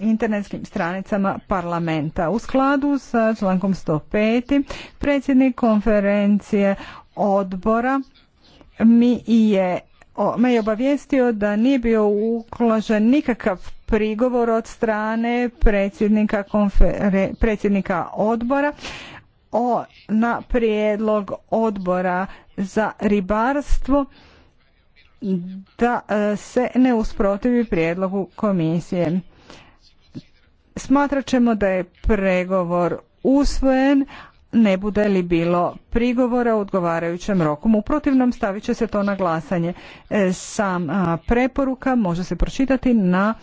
internetskim stranicama parlamenta. U skladu sa člankom 105. predsjednik konferencije odbora mi je me je obavijestio da nije bio uklažen nikakav prigovor od strane predsjednika, predsjednika odbora o, na prijedlog odbora za ribarstvo da e, se ne usprotivi prijedlogu komisije. Smatrat ćemo da je pregovor usvojen, ne bude li bilo prigovora u odgovarajućem roku. U protivnom stavit će se to na glasanje. E, sam preporuka može se pročitati na